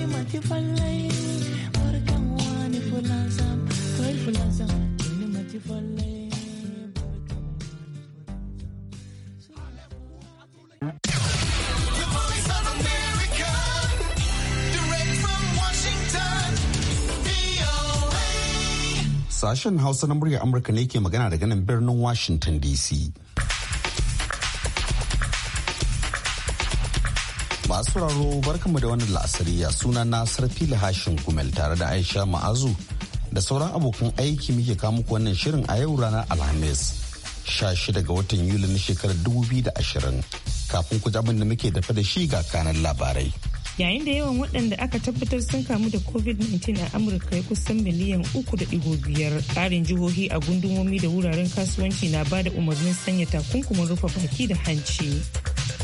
wani mati fallai barkan Sashen Hausa na murya Amurka ne ke magana daga nan birnin Washington DC. Masu raro barkanmu da wannan la'asariya suna na Sarfila Hashin Gumel tare da Aisha Ma'azu da sauran abokan aiki muke kamu wannan shirin a yau ranar Alhamis 16 ga watan Yuli na shekarar 2020 kafin ku abin da muke dafa da shi ga kanan labarai. Yayin da yawan waɗanda aka tabbatar sun kamu da COVID-19 a Amurka ya kusan miliyan uku da ɗigo biyar ƙarin jihohi a gundumomi da wuraren kasuwanci na ba da umarnin sanya takunkumin rufe baki da hanci.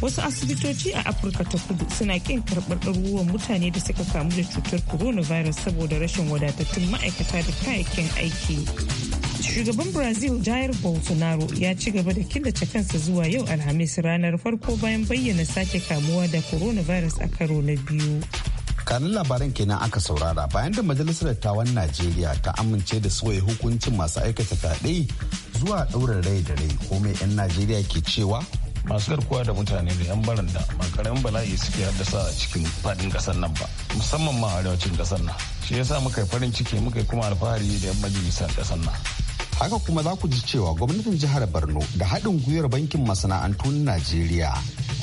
wasu asibitoci a afirka ta kudu suna kin karbar ɗaruruwan mutane da suka kamu da cutar coronavirus saboda rashin wadatattun ma'aikata da kayayyakin aiki shugaban brazil jair bolsonaro ya ci gaba da killace kansa zuwa yau alhamis ranar farko bayan bayyana sake kamuwa da coronavirus a karo na biyu kanun labaran kenan aka saurara bayan da majalisar dattawan najeriya ta amince da soya hukuncin masu aikata fyaɗe zuwa ɗaurin rai da rai komai 'yan najeriya ke cewa masu garkuwa da mutane da 'yan baranda ba karamin bala'i suke haddasa a cikin fadin kasar nan ba musamman ma arewacin kasar nan shi yasa muka yi farin ciki muka kuma alfahari da 'yan majalisar kasar nan haka kuma za ku ji cewa gwamnatin jihar borno da haɗin gwiwar bankin masana'antu na najeriya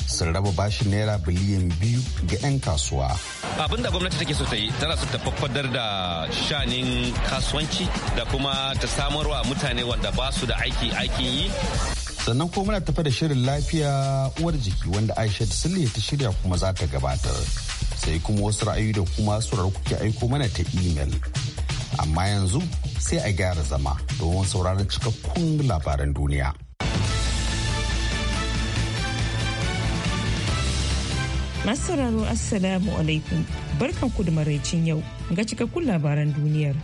sun raba bashin naira biliyan biyu ga 'yan kasuwa. abin da gwamnati take so ta yi tana so ta faffadar da shanin kasuwanci da kuma ta samarwa mutane wanda ba su da aiki aikin yi sannan kuma muna tafa da shirin lafiya uwar jiki wanda aisha sille ta shirya kuma za ta gabatar sai kuma wasu ra'ayi da kuma surar kuke aiko mana ta imel amma yanzu sai a gyara zama domin sauraron cikakkun labaran duniya masu sauraro assalamu alaikum barkan ku da maraicin yau ga cikakkun labaran duniyar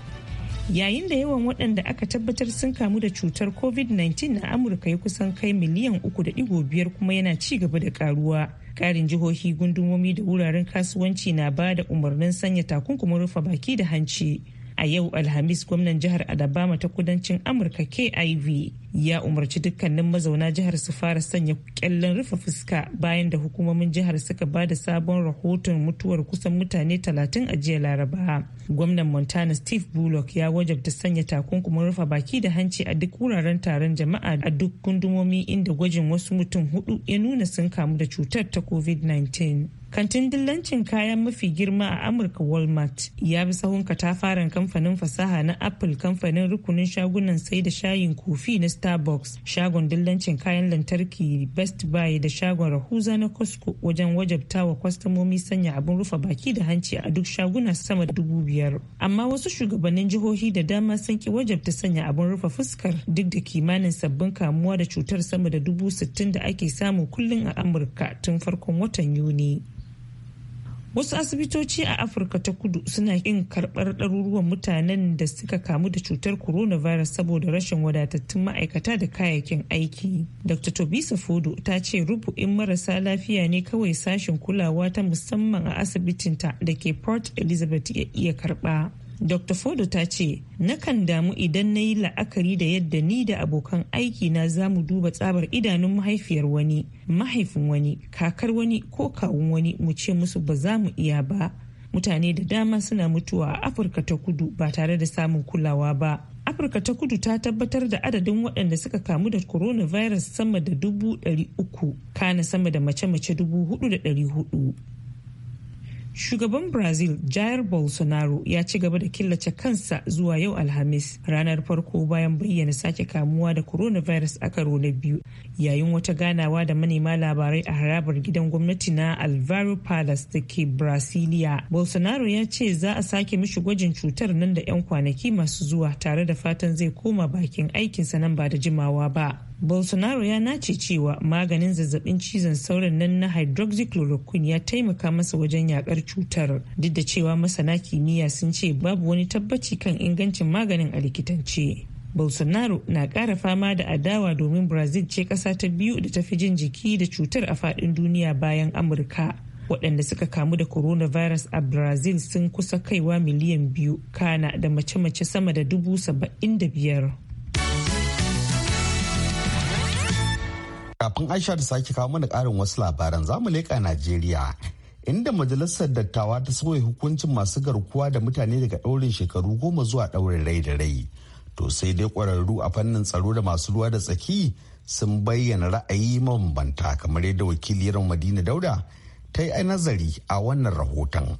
yayin da yawan waɗanda aka tabbatar sun kamu da cutar covid-19 na amurka ya kusan kai miliyan uku da 3.5 kuma yana ci gaba da karuwa karin jihohi gundumomi da wuraren kasuwanci na ba da umarnin sanya takunkumin rufe baki da hanci a yau alhamis gwamnan jihar adabama ta kudancin amurka kiv ya umarci dukkanin mazauna jihar su fara sanya kyallen rufe fuska bayan da hukumomin jihar suka ba da sabon rahoton mutuwar kusan mutane 30 a jiya laraba gwamnan montana steve bullock ya wajabta sanya takunkumin rufe baki da hanci a duk wuraren taron jama'a a duk gundumomi inda gwajin wasu mutum hudu ya nuna sun kamu da cutar ta covid-19 kantin dillancin kayan mafi girma a amurka walmart ya bi sahun katafaren kamfanin fasaha na apple kamfanin rukunin shagunan sai da shayin kofi na starbucks shagon dillancin kayan lantarki best buy da shagon rahuza na costco wajen wajabta wa kwastamomi sanya abin rufe baki da hanci a duk shaguna sama da dubu biyar amma wasu shugabannin jihohi da dama sun ki wajabta sanya abin rufe fuskar duk da kimanin sabbin kamuwa da cutar sama da dubu sittin da ake samu kullum a amurka tun farkon watan yuni wasu asibitoci a afirka ta kudu suna yin karɓar ɗaruruwan mutanen da suka kamu da cutar coronavirus saboda rashin wadatattun ma'aikata da kayayyakin aiki dr tobisa fodo ta ce rubu'in marasa lafiya ne kawai sashen kulawa ta musamman a asibitinta da ke port elizabeth ya iya karɓa Dr. Fodo ta ce, na kan damu idan na yi la'akari da yadda ni da abokan aiki na za mu duba tsabar idanun mahaifiyar wani, mahaifin wani, kakar wani ko kawun wani mu ce musu ba za mu iya ba. Mutane da dama suna mutuwa a Afirka ta kudu ba tare da samun kulawa ba. Afirka ta kudu ta tabbatar da adadin waɗanda suka kamu da coronavirus sama da dubu ɗari uku, kana sama da mace-mace dubu hudu da ɗari hudu. Shugaban Brazil Jair Bolsonaro ya ci gaba da killace kansa zuwa yau Alhamis ranar farko bayan bayyana sake kamuwa da coronavirus a karo na biyu yayin wata ganawa da manema labarai a harabar gidan gwamnati na Alvaro Palace da ke Brasilia. Bolsonaro ya ce za a sake mishi gwajin cutar nan da 'yan kwanaki masu zuwa tare da fatan zai koma bakin aikinsa nan ba da jimawa ba. bolsonaro ya nace cewa maganin zazzabin cizon sauran nan na hydroxychloroquine ya taimaka masa wajen yakar cutar duk da cewa masana kimiyya sun ce babu wani tabbaci kan ingancin maganin a likitance bolsonaro na kara fama da adawa domin brazil ce ƙasa ta biyu da ta fi jin jiki da cutar a fadin duniya bayan amurka waɗanda suka kamu da coronavirus a brazil sun kusa kaiwa miliyan biyu kana da mace-mace sama da dubu saba'in da biyar Kafin Aisha ta sake kawo mana ƙarin wasu labaran zamu leka leƙa Najeriya inda majalisar dattawa ta sauya hukuncin masu garkuwa da mutane daga ɗaurin shekaru goma zuwa ɗaurin rai da rai. To sai dai ƙwararru a fannin tsaro da masu ruwa da tsaki sun bayyana ra'ayi mabambanta kamar yadda wakiliyar Madina Dauda ta yi nazari a wannan rahoton.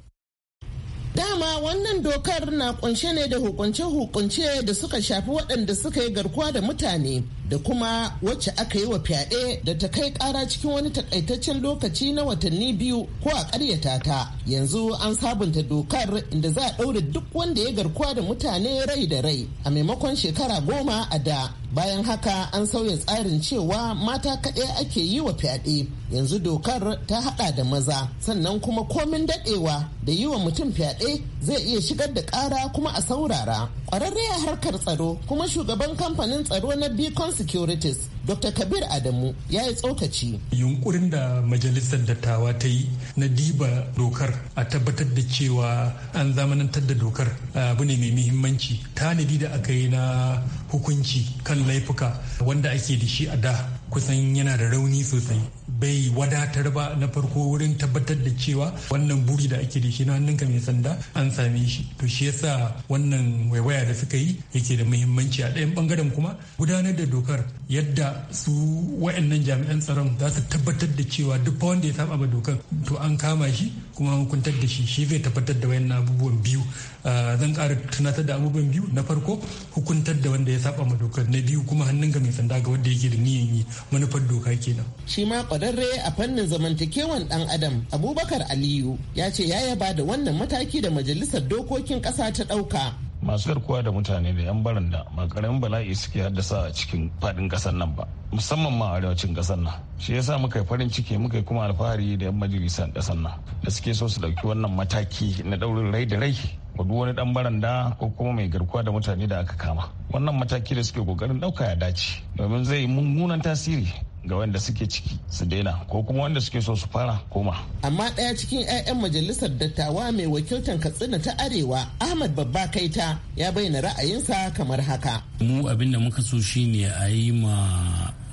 Dama wannan dokar na kunshe ne da hukunce-hukunce da suka shafi waɗanda suka yi garkuwa da mutane da kuma wacce aka yi wa fyaɗe da ta kai ƙara cikin wani takaitaccen lokaci na watanni biyu ko a ƙaryata ta. Yanzu an sabunta dokar inda za a ɗaure duk wanda ya garkuwa da mutane rai da rai a maimakon shekara goma a da. Bayan haka an sauya tsarin cewa mata kaɗai ake yi wa fyaɗe yanzu dokar ta hada da maza sannan kuma komin dadewa da yi wa mutum fyaɗe zai iya shigar da ƙara kuma a saurara ƙwararre a harkar tsaro kuma shugaban kamfanin tsaro na beacon securities dr kabir adamu ya yi tsokaci yunkurin da majalisar dattawa ta yi na diba dokar a tabbatar da cewa an zamanantar da dokar ah, abu ne mai muhimmanci tanadi da aka yi na hukunci kan laifuka wanda ake da shi a da kusan yana da rauni sosai bai wadatar ba na farko wurin tabbatar da cewa wannan buri da ake da shi na hannunka mai sanda an same shi to shi yasa wannan waiwaya da suka yi yake da muhimmanci a ɗayan bangaren kuma gudanar da dokar yadda su wa'annan jami'an tsaron za su tabbatar da cewa duk wanda ya saba ba dokar to an kama shi kuma an hukuntar da shi shi zai tabbatar da wayannan abubuwan biyu zan ƙara tunatar da abubuwan biyu na farko hukuntar da wanda ya saba ma dokar na biyu kuma hannun mai sanda ga wanda yake da niyan yi manufar doka kenan shi ma kwararre a fannin zamantakewan dan adam abubakar aliyu ya ce ya yaba da wannan mataki da majalisar dokokin kasa ta ɗauka masu garkuwa da mutane da 'yan baranda ba karamin bala'i suke haddasa a cikin fadin kasar nan ba musamman ma arewacin kasar nan shi yasa muka yi farin ciki muka yi kuma alfahari da 'yan majalisar kasar nan da suke so su dauki wannan mataki na daurin rai da rai ko duk wani dan baranda ko kuma mai garkuwa da mutane da aka kama wannan mataki da suke kokarin dauka ya dace domin zai yi mummunan tasiri ga wanda suke ciki su daina ko kuma wanda suke so su fara koma. Amma ɗaya cikin 'ya'yan majalisar dattawa mai wakiltan Katsina ta Arewa Ahmad Babba Kaita ya bayyana ra'ayinsa kamar haka. Mu abin da muka so shine a yi ma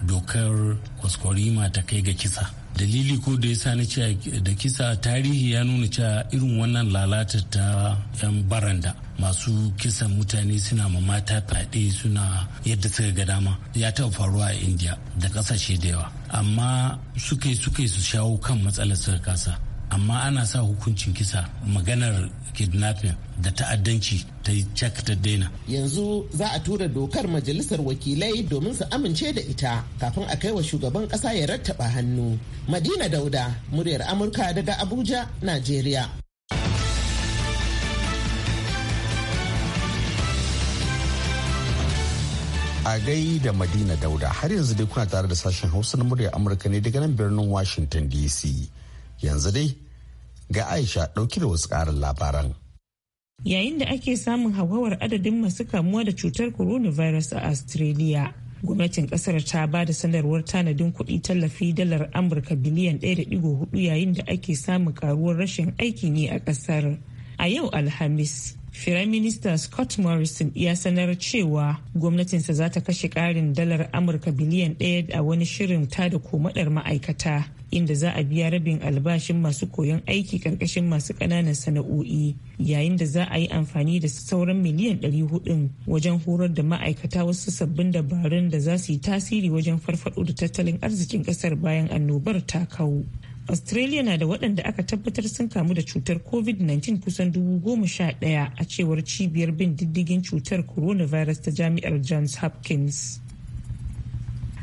dokar kwaskwarima ta kai ga kisa. dalili ko da ya sa na ce da kisa tarihi ya nuna cewa irin wannan lalata ta yan baranda masu kisan mutane suna ma mata fyaɗe suna yadda suka ga dama ya taɓa faruwa a indiya da ƙasashe da yawa amma suka suka su shawo kan matsalar suka kasa amma ana sa hukuncin kisa maganar kidnapping da ta'addanci ta yi cak ta daina. Yanzu za a tura dokar majalisar wakilai domin su amince da ita kafin a kai wa shugaban kasa ya rattaba hannu. Madina Dauda, muryar Amurka daga Abuja, Najeriya. a gai da madina dauda har yanzu dai kuna tare da sashen hausa na muryar amurka ne daga nan birnin washington dc yanzu dai ga aisha ɗauki da wasu ƙarin labaran yayin da ake samun hauhawar adadin masu kamuwa da cutar coronavirus a australia gwamnatin kasar ta ba da sanarwar tanadin kuɗi tallafi dalar amurka biliyan 1.4 yayin da ake samun karuwar rashin aikin yi a kasar a yau alhamis Firaminista Scott Morrison ya sanar cewa gwamnatinsa za ta kashe ƙarin dalar Amurka biliyan ɗaya a wani shirin ta da komadar ma'aikata inda za a biya rabin albashin masu koyon aiki ƙarƙashin masu ƙananan sana'o'i yayin da za a yi amfani da sauran miliyan ɗari 400 wajen horar da ma'aikata wasu sabbin dabarun da za su yi tasiri wajen farfaɗo da tattalin arzikin ƙasar bayan annobar ta kawo. australia na da waɗanda aka tabbatar sun kamu da cutar covid-19 kusan dubu goma sha ɗaya a cewar cibiyar bin diddigin cutar coronavirus ta jami'ar johns hopkins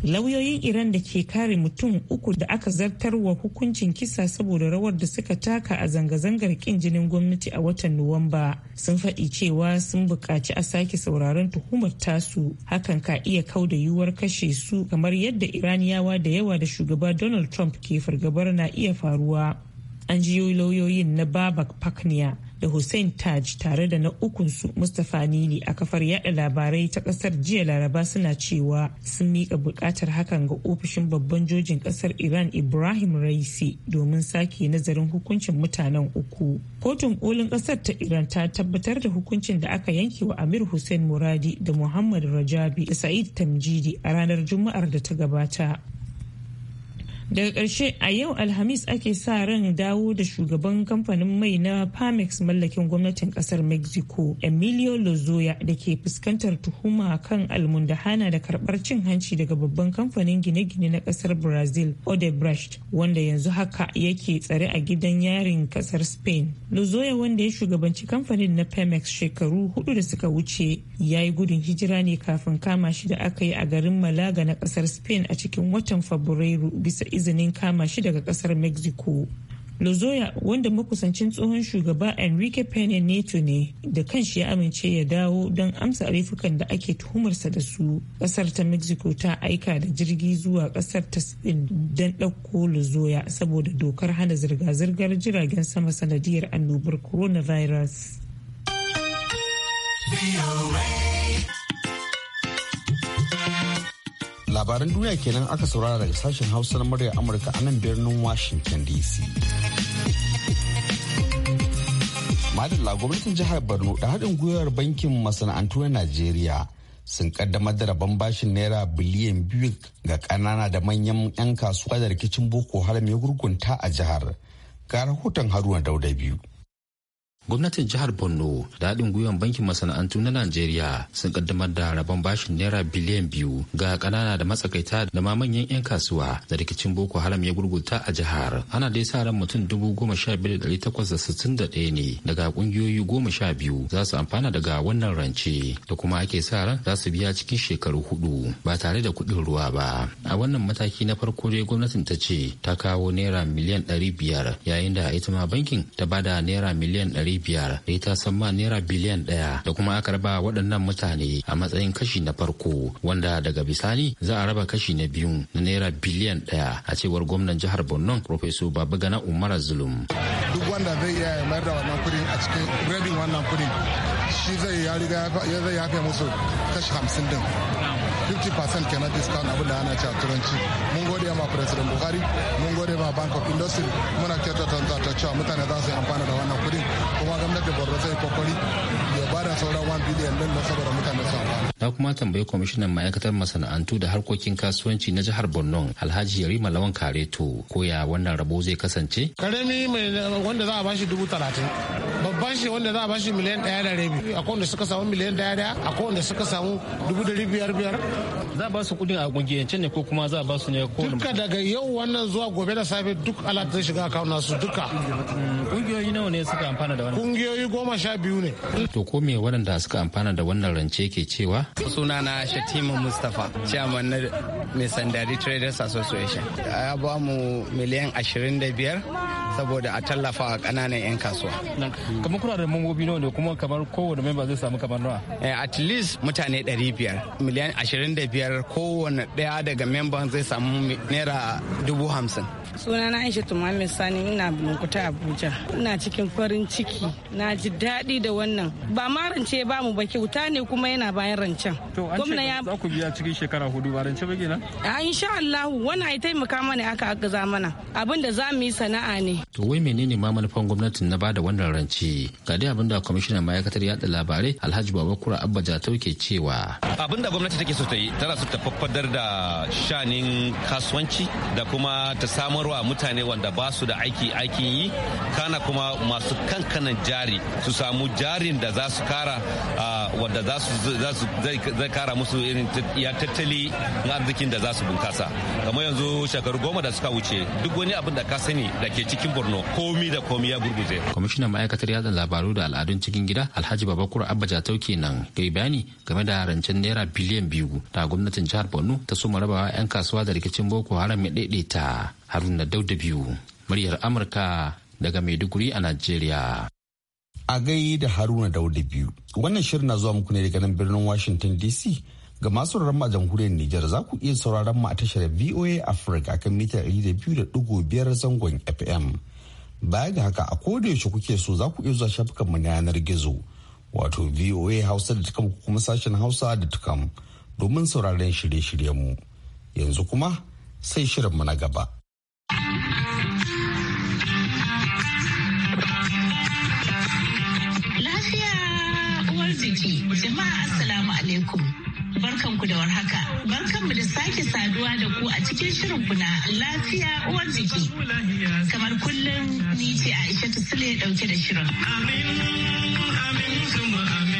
lauyoyin iran da ke kare mutum uku da aka zartarwa hukuncin kisa saboda rawar da suka taka a zanga-zangar kin jinin gwamnati a watan nuwamba sun faɗi cewa sun buƙaci a sake sauraron tuhumar tasu hakan ka iya kau da yiwuwar kashe su kamar yadda iraniyawa da yawa da shugaba donald trump ke fargabar na iya faruwa an jiyo lauyoyin na babak pakniya da hussein taj tare da na ukunsu mustapha nili a kafar yada labarai ta kasar jiya laraba suna cewa sun mika bukatar hakan ga ofishin babban jojin kasar iran ibrahim raisi domin sake nazarin hukuncin mutanen uku kotun kolin kasar ta iran ta tabbatar da hukuncin da aka yanke wa amir hussein muradi da muhammad rajabi da sa'id tamjidi a ranar juma'ar da ta gabata daga ƙarshe a yau alhamis ake sa ran dawo da shugaban kamfanin mai na pamex mallakin gwamnatin ƙasar mexico emilio lozoya da ke fuskantar tuhuma kan almundahana da karɓar cin hanci daga babban kamfanin gine-gine na ƙasar brazil odebrecht wanda yanzu haka yake tsare a gidan yarin ƙasar spain lozoya wanda ya shugabanci kamfanin na pamex shekaru hudu da suka wuce ya yi gudun hijira ne kafin kama shi da aka yi a garin malaga na ƙasar spain a cikin watan fabrairu bisa izinin kama shi daga kasar mexico lozoya wanda makusancin tsohon shugaba enrique pena neto ne da kanshi ya amince ya dawo don amsa laifukan da ake tuhumarsa da su kasar ta mexico ta aika da jirgi zuwa kasar ta spain don ɗauko lozoya saboda dokar hana zirga-zirgar jiragen sama sanadiyar annobar coronavirus. labaran duniya kenan aka saurara daga sashen hausa na murya amurka a nan birnin washington dc madalla gwamnatin jihar borno da haɗin gwiwar bankin masana'antu na najeriya sun kaddamar da rabon bashin naira biliyan biyu ga kanana da manyan 'yan kasuwa da rikicin boko haram ya gurgunta a jihar ga rahoton haruna dauda biyu gwamnatin jihar borno da haɗin gwiwan bankin masana'antu na najeriya sun kaddamar da rabon bashin naira biliyan biyu ga kanana da matsakaita da ma manyan 'yan kasuwa da rikicin boko haram ya gurguta a jihar ana dai sa ran mutum dubu goma sha biyu da dari takwas da sittin da ɗaya ne daga ƙungiyoyi goma sha biyu za su amfana daga wannan rance da kuma ake sa ran za su biya cikin shekaru hudu ba tare da kuɗin ruwa ba a wannan mataki na farko dai gwamnatin ta ce ta kawo naira miliyan ɗari biyar yayin da ita ma bankin ta bada naira miliyan ɗari biyar da san ma naira biliyan ɗaya da kuma aka raba waɗannan mutane a matsayin kashi na farko wanda daga bisani za a raba kashi na biyu na naira biliyan daya a cewar gwamnan jihar borno babu gana umar zulum duk wanda zai iya mayar da wannan kudin a cikin rabin wannan kudin shi zai ya riga ya zai ya kai musu kashi hamsin din 50% kenan discount abin da ana ci a turanci mun gode ma president buhari mun gode ma bank of industry muna kyautata ta cewa mutane za su yi amfana da wannan kudin kuma gwamnati borno zai kokari ya da sauran 1 billion din na saboda mutane su amfana na kuma tambayi kwamishinan ma'aikatar masana'antu da harkokin kasuwanci na jihar borno alhaji yarima lawan kareto Ko ya wannan rabo zai kasance karami mai wanda za a bashi dubu talatin babban shi wanda za a bashi miliyan ɗaya da rabi akwai wanda suka samu miliyan ɗaya ɗaya akwai wanda suka samu dubu da biyar biyar za ba su kudin a gungiyance ne ko kuma za ba su ne ko duka daga yau wannan zuwa gobe da safe duk alat zai shiga kawo nasu duka kungiyoyi mm, nawa ne suka amfana da wannan kungiyoyi goma sha biyu ne to ko me waɗanda suka amfana da wannan rance ke cewa suna na shatima mustapha chairman na Misandari traders association ya ba mu miliyan ashirin da biyar saboda a tallafa a ƙananan 'yan kasuwa kamar kuna da mambobi nawa ne kuma kamar kowane memba zai samu kamar nawa eh, at least mutane ɗari biyar miliyan ashirin da biyar biyar kowane ɗaya daga memban zai samu naira dubu hamsin suna na aisha tumamin sani ina bulunkuta abuja ina cikin farin ciki na ji daɗi da wannan ba ma rance ba mu ba kyauta ne kuma yana bayan rancen to an ce za ku biya cikin shekara hudu ba rance ba gina. a insha Allah wannan ai taimaka mana aka agaza mana abin da za mu yi sana'a ne to wai menene ma manufan gwamnatin na bada wannan rance ga dai abin da kwamishinan ma'aikatar yada labarai Alhaji Babakura Abba Jatau ke cewa abin da gwamnati take so ta yi tana su tafaffadar da shanin kasuwanci da kuma ta samarwa mutane wanda ba su da aiki aikin yi kana kuma masu kankanan jari su samu jarin da za su kara wanda za su zai kara musu irin ya tattali na arzikin da za su bunkasa kamar yanzu shekaru goma da suka wuce duk wani abin da ka sani da ke cikin borno komi da komi ya gurguje kwamishinan ma'aikatar yada labaru da al'adun cikin gida alhaji babakur abba jatauke nan kai bayani game da rancen naira biliyan biyu da gwamnati gwamnatin jihar borno ta soma wa 'yan kasuwa da rikicin boko haram ya daidaita haruna dauda biyu muryar amurka daga maiduguri a najeriya a gai da haruna dauda biyu wannan shirin na zuwa muku ne daga nan birnin washington dc ga masu a jamhuriyar nijar za ku iya sauraron mu a tashar voa africa akan mita da da biyu biyar zangon fm baya ga haka a koda yaushe kuke so za ku iya zuwa shafukan mu na yanar gizo wato voa hausa da tukam kuma sashen hausa da tukam domin sauraron shirye-shiryenmu yanzu kuma sai shirinmu na gaba. Lafiya uwar jiki, jama'a Assalamu alaikum. Barkanku da warhaka, barkanmu da sake saduwa da ku a cikin shirinku na lafiya uwar jiki. Kamar kullum ni ce Aisha Tusule dauke da shirin. Amin, amin, amin.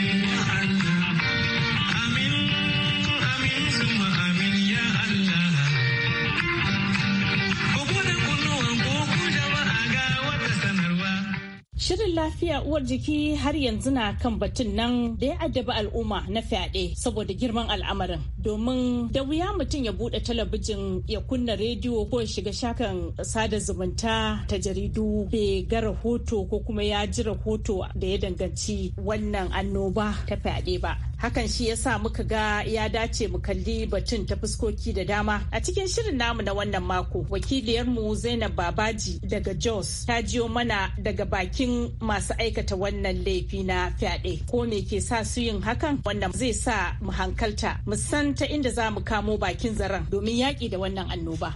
Shirin lafiya uwar jiki har yanzu na kan batun nan da ya addaba al'umma na fyaɗe saboda girman al'amarin. Domin da wuya mutum ya buɗe talabijin ya kunna rediyo ko ya shiga shakan sada zumunta ta jaridu bai ga rahoto ko kuma ya ji rahoto da ya danganci wannan annoba ta fyaɗe ba. hakan shi yasa muka ga ya dace mu kalli batun ta fuskoki da dama a cikin shirin namu na wannan mako wakiliyarmu zainab babaji daga jos ta jiyo mana daga bakin masu aikata wannan laifi na fyaɗe ko me ke sa su yin hakan wannan zai sa mu hankalta mu san ta inda za mu kamo bakin zaren domin yaƙi da wannan annoba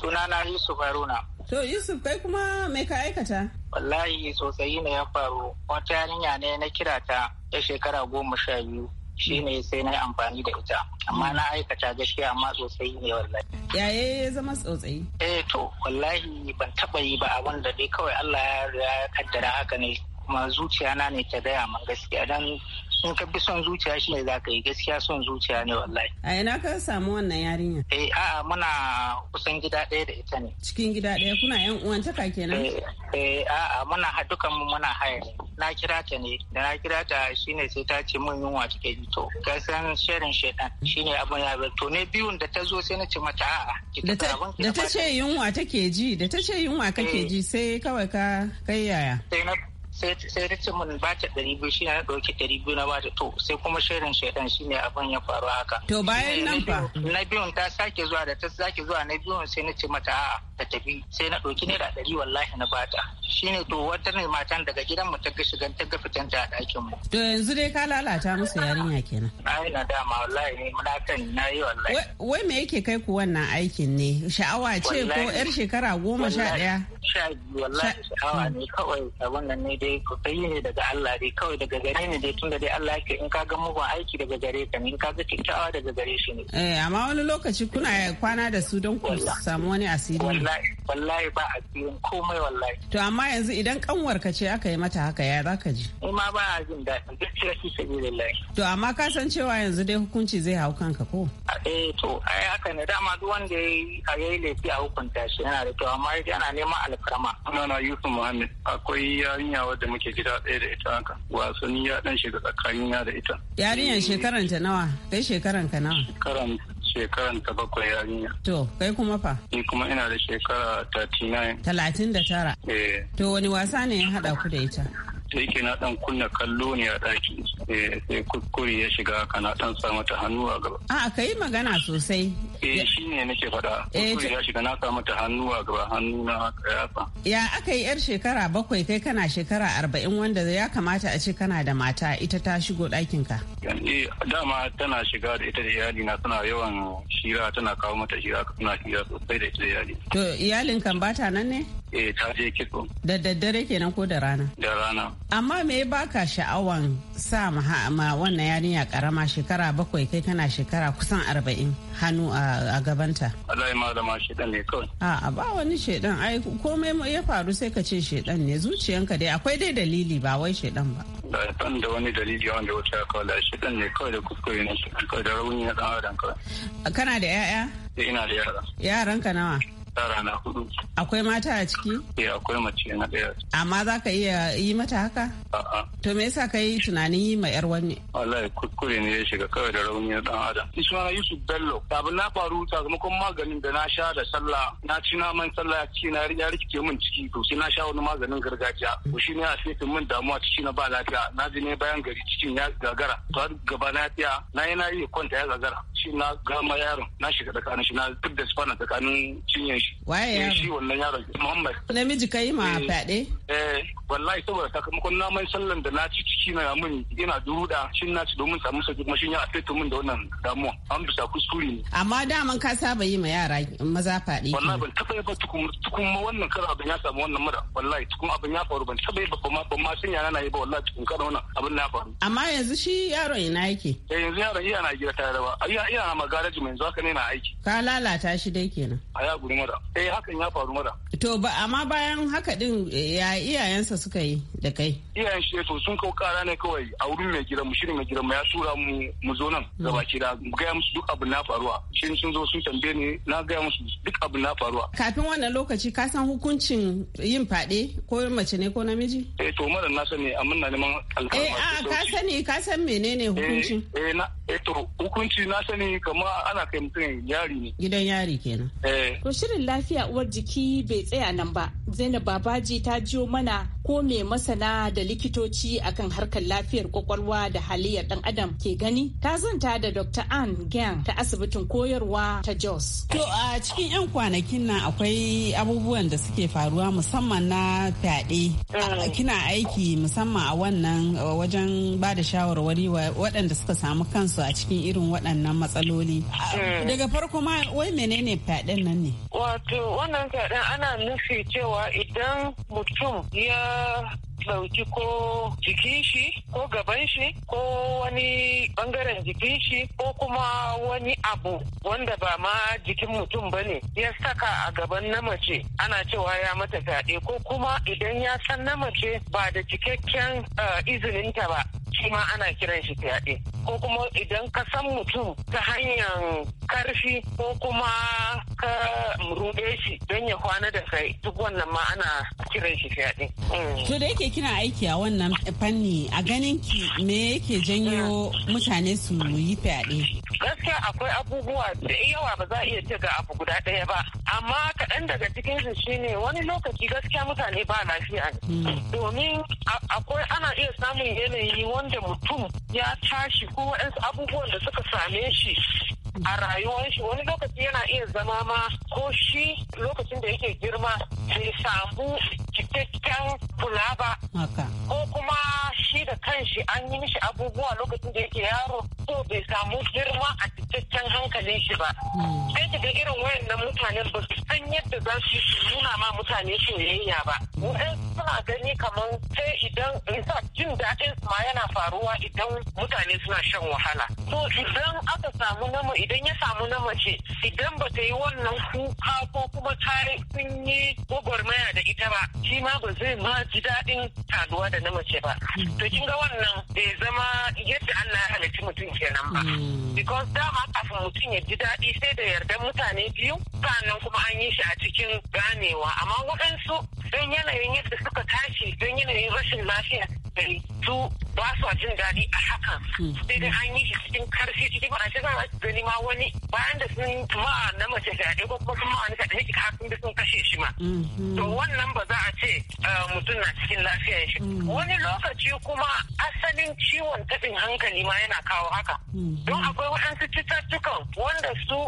Sunana Yusuf Haruna. To Yusuf kai kuma mai ka aikata? Wallahi sosai ne ya faru. Wata yarinya ne na kira ta ta shekara goma sha biyu. Shi ne sai na amfani da ita. Amma na aikata gaskiya amma sosai ne wallahi. Yaye ya zama sosai? Eh to wallahi ban taɓa yi ba abin da dai kawai Allah ya kaddara haka ne. Kuma zuciya na ne ta gaya min gaskiya dan in ka bi son zuciya shi ne za ka yi gaskiya son zuciya ne wallahi a ina ka samu wannan yarinya eh a'a muna kusan gida ɗaya da ita ne cikin gida ɗaya kuna yan uwan kake kenan eh, eh a'a muna dukan mu muna haya ne na kira ta ne da na kira ta shine sai ta ce mun yunwa take ji to ka san sharing shedan shine abin ya to ne biyun da ta zo sai na ce mata a'a da ta ce yunwa take ji da ta ce yunwa kake eh. ji sai kawai ka kai yaya sai na sai ta ce mun ba ta ɗari biyu shi na ɗauki ɗari biyu na ba ta to sai kuma shirin shaidan shi ne abin ya faru haka. To bayan nan fa. Na biyun ta sake zuwa da ta sake zuwa na biyun sai na ce mata a'a ka tafi sai na ɗauki naira ɗari wallahi na bata shine to wata ne matan daga gidan mu ta shiga ta ga fitan ta a ɗakin mu. to yanzu dai ka lalata musu yarinya kenan. yi na dama wallahi ne muna kan na yi wallahi. wai me yake kai ku wannan aikin ne sha'awa ce ko yar shekara goma sha ɗaya. sha biyu wallahi sha'awa ne kawai abin nan ne dai ku yi ne daga Allah dai kawai daga gare ne dai tunda dai Allah yake in ka ga mugun aiki daga gare ka in ka ga kyakkyawa daga gare shi ne. eh amma wani lokaci kuna kwana da su don ku samu wani asiri. wallahi wallahi ba a cikin komai wallahi to amma yanzu idan kanwar ka ce aka yi mata haka ya za ka ji Ima ba a jin daɗi cire shi sabilillahi to amma ka san cewa yanzu dai hukunci zai hau kanka ko eh to ai haka ne dama duk wanda ya yi a yayi laifi a hukunta shi yana da to amma yana neman alkarama na Yusuf Muhammad akwai yarinya wadda muke gida ɗaya da ita haka wasanni ya dan shiga tsakanin da ita yarinyar shekaranta nawa kai shekaranka nawa shekaranta shekaran ta bakwai yarinya. To, kai kuma fa? Ni kuma ina da shekara 39. tara. Eh. To, wani wasa ne ya haɗa ku da ita? sai ke na ɗan kunna kallo ne a ɗaki. Eh, sai kuskure ya shiga haka na dan sa mata hannu a gaba. A ka yi magana sosai eh shi ne nake faɗa eh, kuskure ya shiga na kama ta hannu a gaba hannu na yatsa ya aka yi yar shekara bakwai kai kana shekara arba'in wanda ya kamata a ce kana da mata ita ta shigo ɗakin ka eh dama tana shiga da ita da iyali na suna yawan shira tana kawo mata shira suna shira sosai da ita da iyali to iyalin kan bata nan ne eh ta je kitso da daddare kenan ko da rana da rana amma me ya baka sha'awan sa ma wannan yarinya karama shekara bakwai kai kana shekara kusan arba'in hannu a a gabanta wallahi malama shedan ne kawai a ba wani shedan ai komai ya faru sai ka ce shedan ne zuciyanka dai akwai dai dalili ba wai shedan ba eh, ban da wani dalili wanda wuce ya kawo da shedan ne kawai da kuskure ne shedan kawai da rauni na dan adam kawai kana da yaya eh, ina da yara yaranka nawa yara na hudu. Akwai mata a ciki? Eh akwai mace na ɗaya. Amma za ka iya yi mata haka? A'a. To me yasa ka tunanin yi ma yar wani? Wallahi kuskure ne ya shiga kawai da rauni na ɗan adam. Ni Yusuf Bello. Abin na faru sakamakon maganin da na sha da sallah na ci naman sallah ci na ya rikice min ciki to sai na sha wani maganin gargajiya. To shi ne a min damuwa ciki na ba lafiya na ji ne bayan gari cikin ya gagara. To gaba na lafiya na yi na yi kwanta ya gagara. ce na gama yaron na shiga tsakanin shi na duk da spana tsakanin cinyan shi waye eh, yaron shi wannan yaron Muhammad namiji kai ma eh, fyaɗe Eh, wallahi saboda sakamakon naman sallan da na ci ciki na mun yana duruda shin na ci domin samu sauki kuma shin ya afeta mun da wannan damuwa an bisa kuskure ne amma daman ka saba yi ma yara maza faɗi wallahi ban taba yi ba tukun tukun ma wannan kar abin ya samu wannan mura wallahi tukun abin ya faru ban taba yi ba ban ma ban ma shin yana na yi ba wallahi tukun kada wannan abin na faru amma yanzu shi yaron ina yake eh yanzu yaron iya na gida tare da ba iya iya na magaraji yanzu haka ne na aiki ka lalata shi dai kenan a ya guri mura eh hakan ya faru mura to ba amma bayan haka din eh, ya iyayensa suka yi da kai? Iyayen shi to sun kawo kara ne kawai a wurin mai gidan mu shirin mai gidan mu ya tura mu mu zo nan mm. gaba ki da gaya musu duk abin na faruwa. Shi sun zo sun tambaye ni na gaya musu duk abin na faruwa. Kafin wannan lokaci ka san hukuncin yin fade ko mace ne ko namiji? Eh to mara na sani amma na neman alƙawari. Eh a ka sani ka san menene eh, hukuncin? Eh na eh to hukunci na sani kamar ana kai mutum yari ne. Gidan yari kenan. Eh. To shirin lafiya uwar jiki bai tsaya nan ba. Zainab Babaji ta jiyo mana ko me masana da likitoci akan harkar lafiyar kwakwalwa da halayyar dan adam ke gani ta zanta da dr ann gang ta asibitin koyarwa ta jos to a cikin yan kwanakin nan akwai abubuwan da suke faruwa musamman na fyaɗe mm. kina aiki musamman a wannan wajen ba da shawarwari waɗanda suka samu kansu a cikin irin waɗannan matsaloli mm. daga farko ma wai menene fyaɗen nan ne wato wannan fyaɗen ana nufi cewa idan mutum ya ɗauki ko jikin shi ko gaban shi ko wani bangaren jikin shi ko kuma wani abu wanda ba ma jikin mutum ba ne ya saka a gaban na mace ana cewa ya mata fyaɗe ko kuma idan ya san na mace ba da cikakken eh, izininta ba shi ma ana kiran shi fyaɗe ko kuma idan ka san mutum ta hanyar karfi ko kuma ka ruɗe shi don ya kwana da kai duk wannan ma ana kiran shi fyaɗe. Mm. To da yake kina aiki a wannan fanni a ganin ki me yake janyo mutane su yi fyaɗe? Gaskiya akwai abubuwa da yawa ba za a iya cika abu guda ɗaya ba amma kaɗan daga cikinsu shine wani lokaci gaskiya mutane ba lafiya ne hmm. domin akwai ana iya samun yanayi wanda mutum ya tashi ko waɗansu abubuwan da suka same shi a rayuwar shi wani lokaci yana iya zama ma ko shi lokacin da yake girma bai samu cikakken kula ba ko kuma shi da kanshi an yi mishi abubuwa lokacin da yake yaro ko bai samu girma a cikakken hankalin shi ba hmm. sai ki ga irin wayannan mutanen ba su san yadda za su nuna ma mutane soyayya ba wa'yan suna gani kamar sai idan jin daɗin ma yana faruwa idan mutane suna shan wahala to idan aka samu namiji idan ya samu na mace idan ba ta yi wannan kuka ko kuma tare sun yi gwagwarmaya da ita ba shi ma ba zai ma ji daɗin taduwa da na mace ba to kin ga wannan bai zama yadda Allah ya halarci mutum kenan ba mm. because dama kafin mutum ya ji daɗi sai da yardar mutane biyu sannan kuma an yi shi a cikin ganewa amma waɗansu don yanayin yadda suka tashi don yanayin rashin lafiya gari su ba su jin daɗi a hakan sai dai an yi shi cikin karfi cikin a shi zama gani ma wani bayan da sun ma na mace fyaɗe ko kuma sun ma wani fyaɗe ne sun sun kashe shi ma mhm. to wannan ba za a ce eh, mutum na cikin lafiya shi mhm. wani lokaci kuma asalin ciwon taɓin hankali ma yana kawo haka mhm. don akwai waɗansu cututtukan wanda su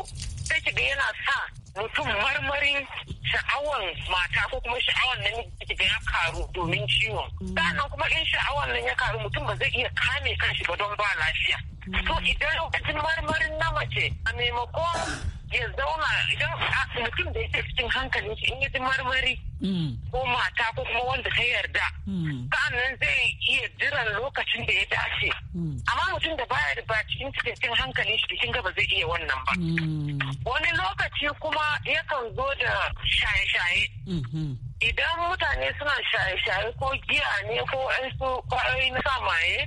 sai ki yana sa mutum marmarin sha'awar mata ko kuma sha'awan nan da ya karu domin ciwon sannan kuma in sha'awar nan ya karu mutum ba zai iya kame kanshi ba don ba lafiya so idan lokacin marmarin na mace a maimakon ya zauna idan mutum da yake cikin hankalin shi in ya ji marmari ko mata ko kuma wanda ta yarda sa'annan zai iya jiran lokacin da ya dace amma mutum da baya da ba cikin cikakken hankali shi cikin gaba zai iya wannan ba wani lokaci kuma yakan zo da shaye-shaye idan mutane suna shaye-shaye ko giya ne ko su kwayoyi na samaye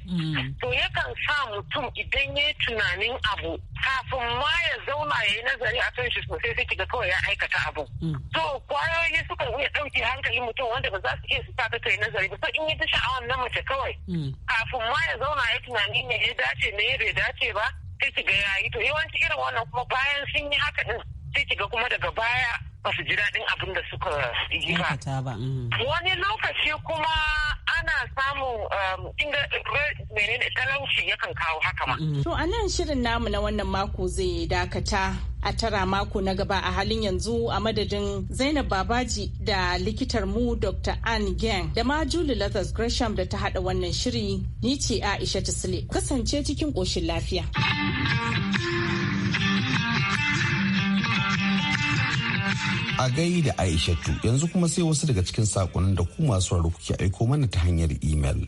to yakan sa mutum idan ya tunanin abu kafin ma ya zauna ya yi nazari a kan shi sosai sai kiga kawai ya aikata abu to kwayoyi sukan iya ɗauke hankalin mutum wanda ba za su iya su sa ka kai nazari ba in yi ta sha'awar na mace kawai mm. kafin ma ya zauna ya tunani ne ya dace ne ya bai dace ba sai ki ga yayi to yawanci irin wannan kuma bayan sun yi haka din sai ki ga kuma daga baya ba su ji daɗin abin da suka yi ba. Mm. Wani lokaci kuma ana samun um, kinga menene talauci yakan kawo haka ma. Mm-hmm. To a nan shirin namu na wannan mako zai dakata a tara mako na gaba a halin yanzu a madadin Zainab Babaji da likitar mu Dr. Anne Geng da ma Julie Lathas Gresham da ta hada wannan shiri ni ce Aisha Tisle kasance cikin koshin lafiya. a gai da aishatu yanzu kuma sai wasu daga cikin sakonin da ku masu raro kuke aiko mana ta hanyar imel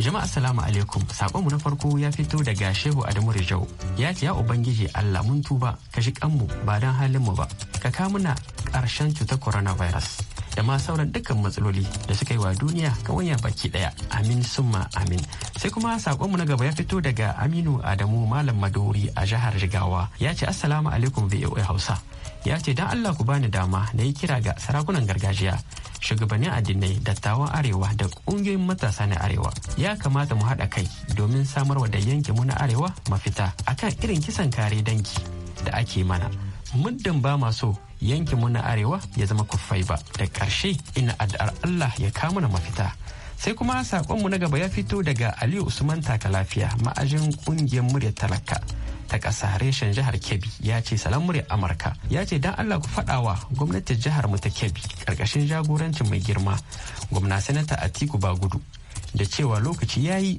jama'a assalamu alaikum sakonmu na farko ya fito daga shehu adamu rijau ya ce ya ubangiji allah mun tuba ka shi kanmu ba don halinmu ba ka kamuna ƙarshen cutar coronavirus da ma sauran dukkan matsaloli da suka yi wa duniya wanya baki daya amin summa amin sai kuma sakonmu na gaba ya fito daga aminu adamu malam madori a jihar jigawa ya ce assalamu alaikum voa hausa ya ce don allah ku bani dama na yi kira ga sarakunan gargajiya shugabannin addinai dattawan arewa da ƙungiyoyin matasa na arewa ya kamata mu haɗa kai domin samarwa da yanke mu na arewa mafita akan irin kisan kare danki da ake mana muddin ba ma so yankin mu na arewa ya zama kufai ba da ƙarshe ina addu'ar Allah ya kamu na mafita sai kuma sakonmu na gaba ya fito daga aliyu usman takalafiya lafiya ma'ajin ƙungiyar murya talaka ta ƙasa reshen jihar kebbi ya ce salam muryar amurka ya ce don allah ku faɗawa gwamnatin jihar mu ta kebbi ƙarƙashin jagorancin mai girma gwamna sanata atiku gudu da cewa lokaci ya yi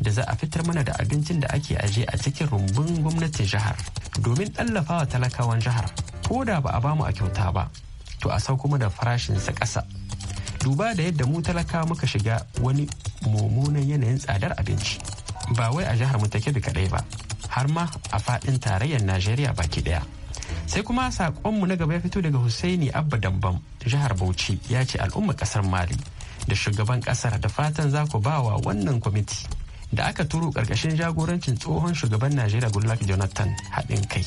da za a fitar mana da abincin da ake aje a cikin rumbun gwamnatin jihar domin tallafawa talakawan jihar ko da ba a bamu a kyauta ba to a sau kuma da farashinsa ƙasa duba da yadda mu talaka muka shiga wani mummunan yanayin tsadar abinci ba wai a jihar mu take da kaɗai ba har ma a faɗin tarayyar najeriya baki ɗaya sai kuma saƙonmu na gaba ya fito daga husaini abba dambam jihar bauchi ya ce al'umma ƙasar mali da shugaban ƙasar da fatan za ku ba wa wannan kwamiti da aka turo ƙarƙashin jagorancin tsohon shugaban najeriya goodluck jonathan haɗin kai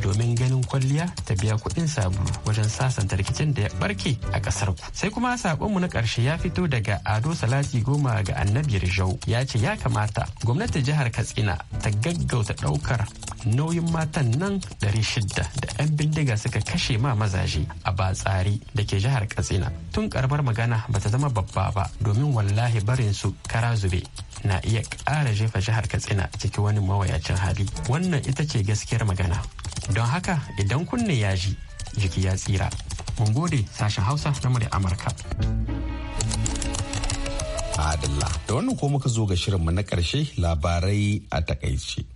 domin ganin kwalliya ta biya kuɗin sabulu wajen sasanta rikicin da ya barke a ƙasar ku. Sai kuma saƙonmu na ƙarshe ya fito daga Ado Salati Goma ga Annabi Rijau ya ce ya kamata gwamnatin jihar Katsina ta gaggauta ɗaukar nauyin matan nan ɗari shidda da 'yan bindiga suka kashe ma mazaje a batsari da ke jihar Katsina. Tun karbar magana ba ta zama babba ba domin wallahi barin su kara zube na iya ƙara jefa jihar Katsina cikin wani mawayacin hali. Wannan ita ce gaskiyar magana. Don haka idan kunne ya ji jiki ya tsira. Mun gode sashen Hausa na murya Amurka. Adalla, da wannan ko muka zo ga shirinmu na ƙarshe labarai a takaice.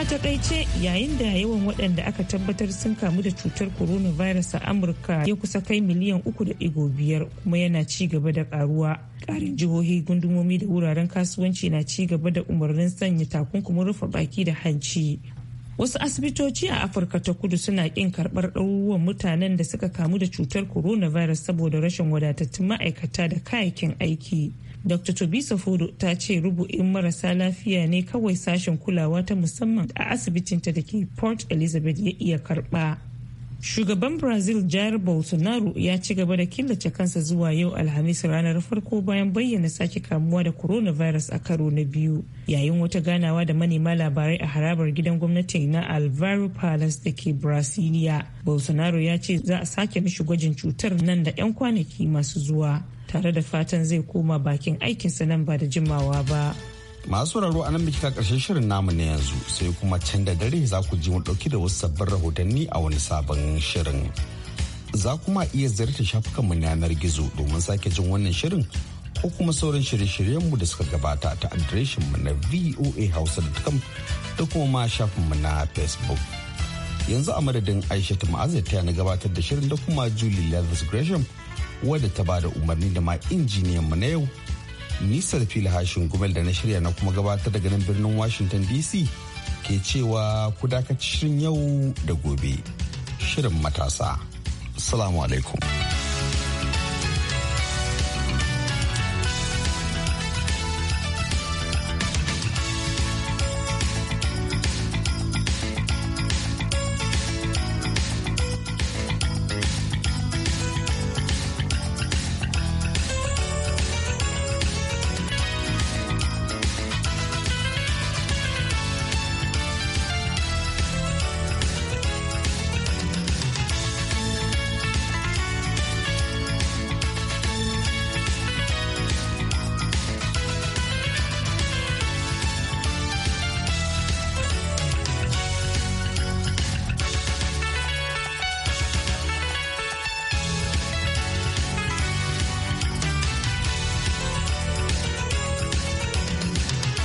a takaice yayin da yawan waɗanda aka tabbatar sun kamu da cutar coronavirus a amurka ya kusa kai miliyan uku da ɗigo biyar kuma yana ci gaba da ƙaruwa. ƙarin jihohi gundumomi da wuraren kasuwanci na ci gaba da umarnin sanya takunkumin rufe baki da hanci wasu asibitoci a afirka ta kudu suna ƙin karɓar ɗaruruwan mutanen da suka kamu da cutar coronavirus saboda rashin wadatattun ma'aikata da kayayyakin aiki dr tobisa fodo ta ce rubu in marasa lafiya ne kawai sashen kulawa ta musamman a asibitinta da ke port elizabeth ya iya karba shugaban brazil jair bolsonaro ya ci gaba da killace kansa zuwa yau alhamis ranar farko bayan bayyana sake kamuwa da coronavirus a karo na biyu yayin wata ganawa da manema labarai a harabar gidan gwamnati na alvaro palace da ke brasilia bolsonaro ya ce za a sake mishi gwajin cutar nan da 'yan kwanaki masu zuwa tare da fatan zai koma bakin aikin sa nan ba da jimawa ba. Masu sauraro a nan bikika karshen shirin namu na yanzu sai kuma can da dare za ku ji mu ɗauki da wasu sabbin rahotanni a wani sabon shirin. Za kuma iya ziyartar shafukanmu na yanar gizo domin sake jin wannan shirin ko kuma sauran shirye-shiryenmu da suka gabata ta mu na voahausa.com da kuma ma shafinmu na Facebook. Yanzu a madadin Aisha Ma'azir ta na gabatar da shirin da kuma Julie levis Gresham wadda ta ba da umarni da ma injiniyan mu na yau da fili hashin gumel da na shirya na kuma gabatar daga nan birnin washington dc ke cewa ku dakaci shirin yau da gobe shirin matasa salamu alaikum